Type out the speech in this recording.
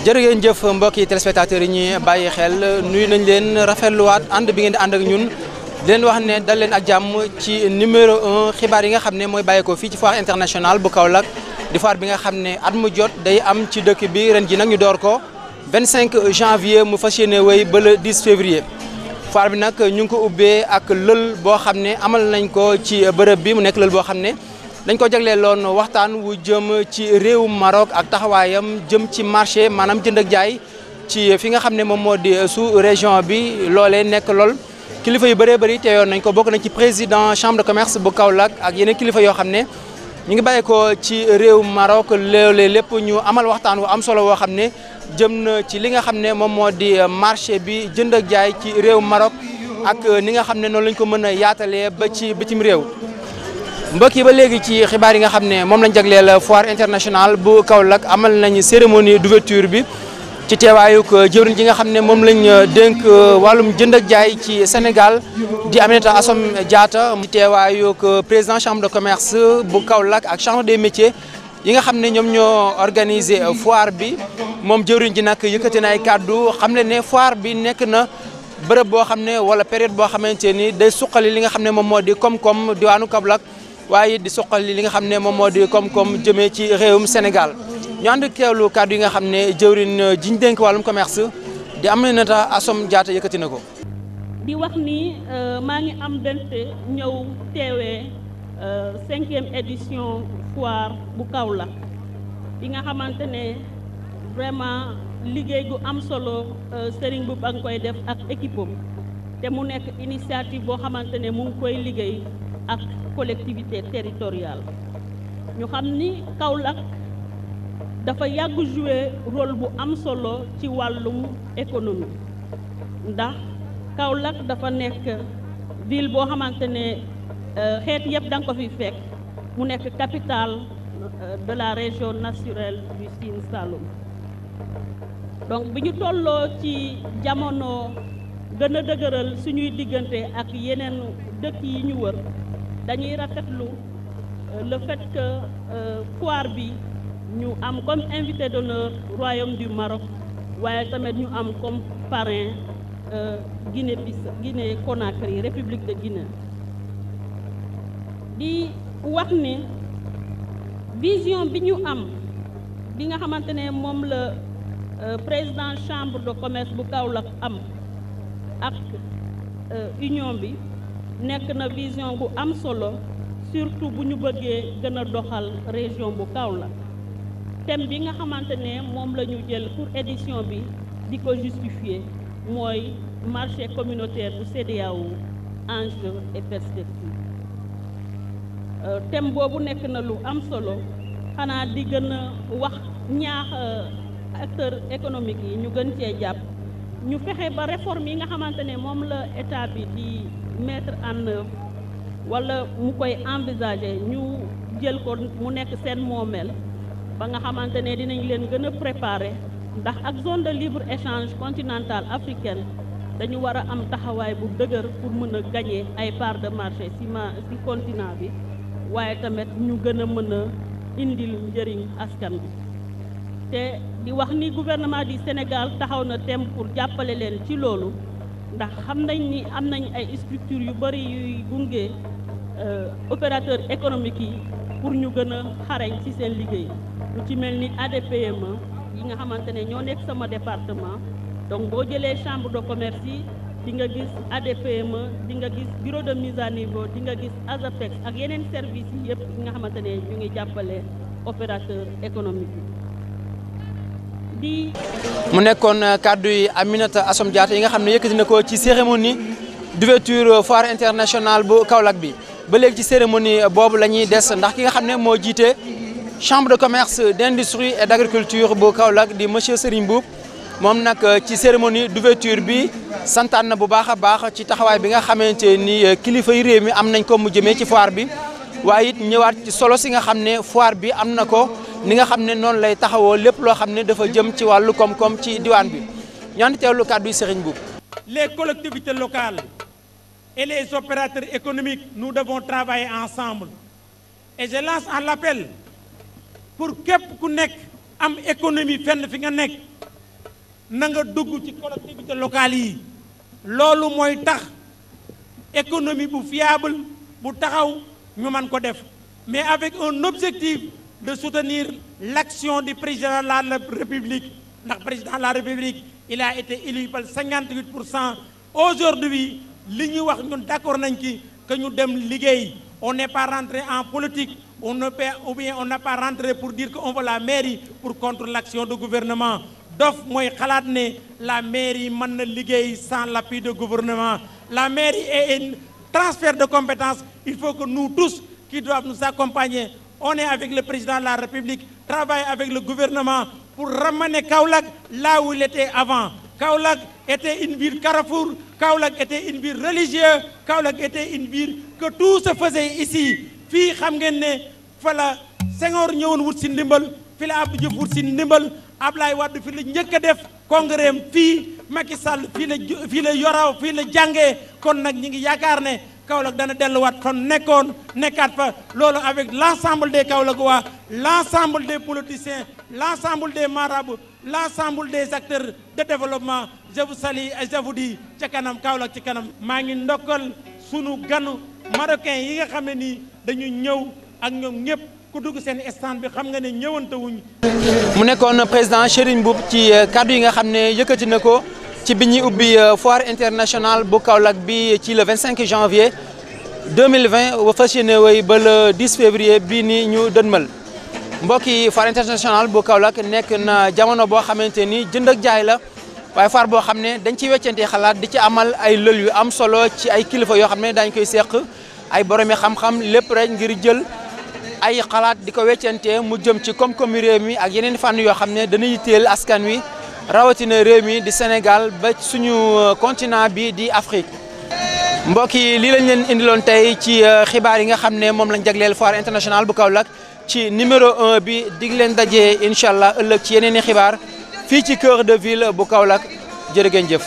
jërë ngeen jëf mbokki téléspectateurs yi ñu bàyyi xel nuyu nañ leen rafetluwaat ànd bi ngeen di ànd ak ñun di leen wax ne dal leen ak jàmm ci numéro un xibaar yi nga xam ne mooy bàyyeekoo fii ci foire internationale bu Kaolack di foire bi nga xam ne at mu jot day am ci dëkk bi ren ji nag ñu door ko 25 janvier mu fas yéene wéy ba le 10 février foire bi nag ñu ngi ko ubbee ak lël boo xam ne amal nañ ko ci bërëb bi mu nekk lël boo xam ne dañ ko jagleeloon waxtaan wu jëm ci réewu marok ak taxawaayam jëm ci marché maanaam jënd jaay ci fi nga xam ne moom moo di sous région bi loole nekk lool. kilifa yu bëree bëri teewoon nañ ko bokk nañ ci président chambre de commerce bu Kaolack ak yeneen kilifa yoo xam ne ñu ngi bàyyi ko ci réewu Maroc loolee lépp ñu amal waxtaan wu am solo woo xam ne jëm na ci li nga xam ne moom moo di marché bi jënd ak jaay ci réewu marok ak ni nga xam ne noonu lañ ko mën a yaatalee ba ci bitim réew. mbokk yi ba léegi ci xibaar yi nga xam ne moom lañ jagleel foire internationale bu Kaolack amal nañu cérémonie d'ouverture bi ci teewaayuk jëwriñ ji nga xam ne moom lañ dénk wàllum jënd ak jaay ci Sénégal di Aminata Assome Diatta ci teewaayuk président chambre de commerce bu Kaolack ak chambre des métiers yi nga xam ne ñoom ñoo organiser foire bi moom jëwriñ ji nag yëkkati na ay kàddu xam ne ne foire bi nekk na bërëb boo xam ne wala période boo xamante ni day suqali li nga xam ne moom moo di koom-koom diwaanu Kaolack waaye di soqali li nga xam ne moom moo di koom-koom jëmee ci réewum Sénégal ñu ànd teewlu kàddu yi nga xam ne jëwrin euh, jiñ dénk wàllum commerce di Aminata Assome Diatta yëkkati na ko. di wax ni euh, maa ngi am dent ñëw teewee euh, cinquième édition foire bu la bi nga xamante ne vraiment liggéey gu am solo Serigne bu ba nga koy def ak équipe te mu nekk initiative boo xamante ne mu ngi koy liggéey ak. collectivité territoriale ñu xam ni Kaolack dafa yàgg jouer rôle bu am solo ci wàllum économie ndax Kaolack dafa nekk ville boo xamante ne euh, xeet yëpp da ko fi fekk mu nekk capitale euh, de la région naturelle du Sine Saloum donc bi ñu tolloo ci jamono gën a dëgëral suñuy diggante ak yeneen dëkk yi ñu wër dañuy rafetlu euh, le fait que euh, foire bi ñu am comme invité d'honneur royaume du Maroc waaye tamit ñu am comme parrain euh, Guinée Bissau Guinée Conakry République de Guinée di wax ni vision bi ñu am bi nga xamante ne moom la président chambre de commerce bu la am ak union bi nekk na vision bu am solo surtout bu ñu bëggee gën a doxal région bu la thème bi nga xamante ne moom la ñu jël pour édition bi di ko justifier mooy marché communautaire bu CEDEAO enjeux et perspectives euh, thème boobu nekk na lu am solo xanaa di gën a wax ñaax euh, acteur économiques yi ñu gën cee jàpp ñu fexe ba réforme yi nga xamante ne moom la état bi di mettre en œuvre wala mu koy envisager ñu jël ko mu nekk seen moomeel ba nga xamante ne dinañ leen gën a préparer ndax ak zone de libre échange continentale africaine dañu war a am taxawaay bu dëgër pour mën a gagner ay part de marché ci ma bi waaye tamit ñu gën a mën a indil njëriñ askan bi te di wax ni gouvernement du Sénégal taxaw na tem pour jàppale leen ci loolu ndax xam nañ ni am nañ ay structures yu bëri yuy gunge euh, opérateurs économiques yi pour ñu gën a xarañ ci seen liggéey lu ci mel ni ADPME yi nga xamante ne ñoo nekk sama département donc boo jëlee chambre de commerce yi di nga gis ADPME di nga gis bureau de mise à niveau di nga gis ASAPEX ak yeneen service yi yëpp yi nga xamante ne ñu ngi jàppale opérateur économique yi mu nekkoon euh, kàddu yi Aminata Assome yi nga xam ne yëkkati na ko ci cérémonie d'ouverture foire internationale bu Kaolack bi ba léegi ci cérémonie boobu la ñuy des ndax ki nga xam ne moo jiite chambre de commerce d'industrie et d'agriculture bu Kaolack di monsieur Serigne Mboup moom nag euh, ci cérémonie d'ouverture bi santaan na bu baax a baax ci taxawaay bi nga xamante ni euh, kilifa yi réew mi am nañ ko mu jëmee ci foir bi waaye it ñëwaat ci solo si nga xam ne foire bi am na ko. ni nga xam ne noonu lay taxawoo lépp loo xam ne dafa jëm ci wàllu koom-koom ci diwaan bi ñaan teewlu kàddu Serigne Mboup les collectivités locales et les opérateurs économiques nous devons travailler ensemble et je lance un appel pour képp ku nekk am économie fenn fi nga nekk na nga dugg ci collectivités locales yi loolu mooy tax économie bu fiable bu taxaw ñu mën ko def mais avec un objectif de soutenir l'action du président de la République ndax président de la République il a été élu par 58 pour cent aujourd'hui li ñuy wax ñun d'accord nañ ci que ñu dem liggéey on n'est pas rentré en politique on ne peut ou bien on n'a pas rentré pour dire on veut la mairie pour contre l'action de gouvernement dof mooy xalaat ne la mairie mën na liggéey sans l'appui de gouvernement la mairie est un transfert de compétence il faut que nous tous qui doivent nous accompagner On est avec le président de la République, travaille avec le gouvernement pour ramener Kaolack là où il était avant. Kaolack était une ville carrefour, Kaolack était une ville religieuse, Kaolack était une ville que tout se faisait ici. fii xam ngeen ne fa la Senghor wut si ndimbal fi la Abdou wut si ndimbal Ablaye Wade fi la njëkk a def congrès fii Macky Sall fii la fii la yoraaw fii la jàngee kon nag ñi ngi yaakaar ne Kaolack dana delluwaat fa nekkoon nekkaat fa loolu avec l' de des waa l' ensemble des politiciens l' ensemble des marabouts l' ensemble des acteurs de développement je vous salue et je ca kanam Kaolack ci kanam. maa ngi ndokkal sunu ganu marocain yi nga xam ne nii dañu ñëw ak ñoom ñëpp. ku dugg seen stand bi xam nga ne ñëwante mu nekkoon président Serigne Mboup ci euh, kàddu yi nga xam ne yëkkati na ko ci bi ñuy ubbi euh, foire internationale bu Kaolack bi ci le 25 janvier 2020 fas yéene woy ba le 10 février bii nii ñu dënmal mbokk yi foire internationale bu Kaolack nekk na jamono boo xamante ni jënd ak jaay la waaye foire boo xam ne dañ ciy weccante xalaat di ci amal ay lël yu am solo ci ay kilifa yoo xam ne dañ koy seq ay boromi xam-xam lépp rek ngir jël ay xalaat di ko weccante mu jëm ci koom-koomu réew mi ak yeneen fànn yoo xam ne dana yitteel askan wi. rawatina réew mi di Sénégal ba suñu euh, continent bi di Afrique mbokk yi lii lañ leen indiloon tey ci euh, xibaar yi nga xam ne moom lañ jagleel foire internationale bu Kaolack ci numéro un bi dig leen dajee incha allah ëllëg ci yeneen i xibaar fii ci cœur de ville bu Kaolack jërë ngeen jëf.